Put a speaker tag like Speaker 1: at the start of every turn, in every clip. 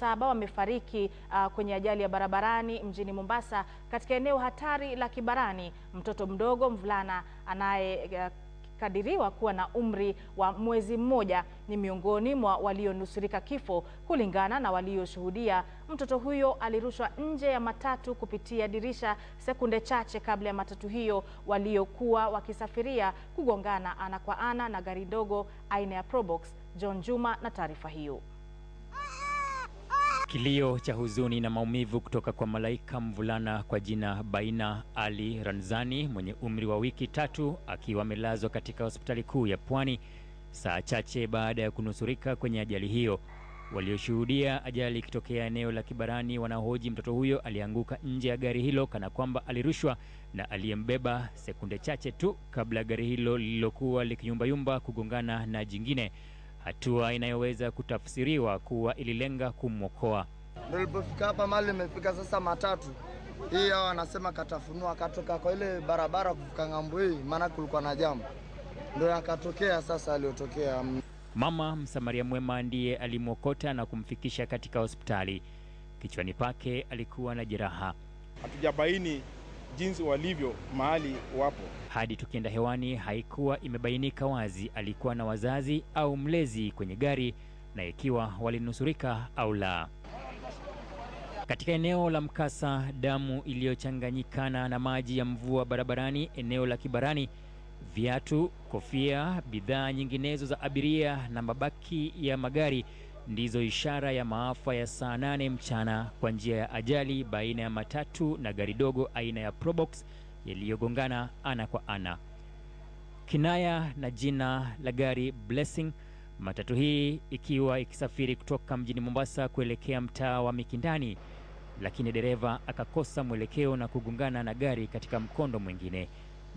Speaker 1: saba wamefariki uh, kwenye ajali ya barabarani mjini Mombasa katika eneo hatari la Kibarani. Mtoto mdogo mvulana anaye uh, kadiriwa kuwa na umri wa mwezi mmoja ni miongoni mwa walionusurika kifo. Kulingana na walioshuhudia, mtoto huyo alirushwa nje ya matatu kupitia dirisha sekunde chache kabla ya matatu hiyo waliokuwa wakisafiria kugongana ana kwa ana na gari dogo aina ya Probox. John Juma na taarifa hiyo.
Speaker 2: Kilio cha huzuni na maumivu kutoka kwa malaika mvulana kwa jina Baina Ali Ranzani mwenye umri wa wiki tatu akiwa amelazwa katika hospitali kuu ya Pwani saa chache baada ya kunusurika kwenye ajali hiyo. Walioshuhudia ajali ikitokea eneo la Kibarani wanahoji mtoto huyo alianguka nje ya gari hilo kana kwamba alirushwa na aliyembeba sekunde chache tu kabla gari hilo lililokuwa likiyumbayumba kugongana na jingine hatua inayoweza kutafsiriwa kuwa ililenga kumwokoa.
Speaker 3: Nilipofika hapa mali imefika sasa matatu hii, hao wanasema katafunua, akatoka kwa ile barabara kuvuka ng'ambo hii, maana kulikuwa na jambo, ndo yakatokea sasa aliyotokea.
Speaker 2: Mama msamaria mwema ndiye alimwokota na kumfikisha katika hospitali. Kichwani pake alikuwa na jeraha.
Speaker 4: Hatujabaini jinsi walivyo mahali wapo.
Speaker 2: Hadi tukienda hewani, haikuwa imebainika wazi alikuwa na wazazi au mlezi kwenye gari na ikiwa walinusurika au la. Katika eneo la mkasa, damu iliyochanganyikana na maji ya mvua barabarani, eneo la Kibarani, viatu, kofia, bidhaa nyinginezo za abiria na mabaki ya magari ndizo ishara ya maafa ya saa nane mchana kwa njia ya ajali baina ya matatu na gari dogo aina ya Probox yaliyogongana ana kwa ana. Kinaya na jina la gari Blessing, matatu hii ikiwa ikisafiri kutoka mjini Mombasa kuelekea mtaa wa Mikindani, lakini dereva akakosa mwelekeo na kugongana na gari katika mkondo mwingine.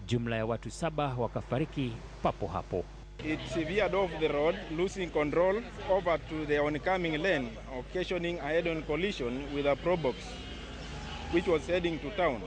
Speaker 2: Jumla ya watu saba wakafariki papo hapo.
Speaker 5: It's veered off the road, losing control over to the oncoming lane, occasioning a head-on collision with a probox, which was heading to town.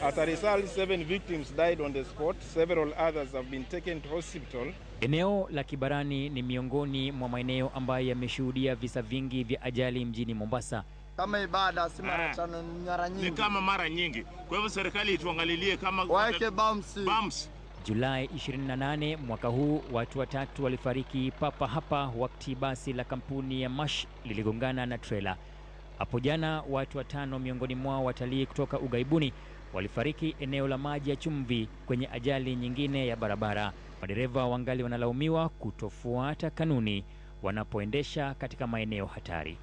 Speaker 5: As a result, seven victims died on the spot. Several others have been taken to hospital.
Speaker 2: Eneo la Kibarani ni miongoni mwa maeneo ambayo yameshuhudia visa vingi vya ajali mjini Mombasa.
Speaker 3: Kama ibada si mara ah, tano, mara nyingi.
Speaker 6: Ni kama mara nyingi. Kwa hivyo serikali ituangalilie kama
Speaker 3: waeke bumps.
Speaker 6: Bumps.
Speaker 2: Julai 28 mwaka huu, watu watatu walifariki papa hapa wakati basi la kampuni ya Mash liligongana na trela. Hapo jana watu watano, miongoni mwao watalii kutoka ughaibuni, walifariki eneo la maji ya chumvi kwenye ajali nyingine ya barabara. Madereva wangali wanalaumiwa kutofuata kanuni wanapoendesha katika maeneo hatari.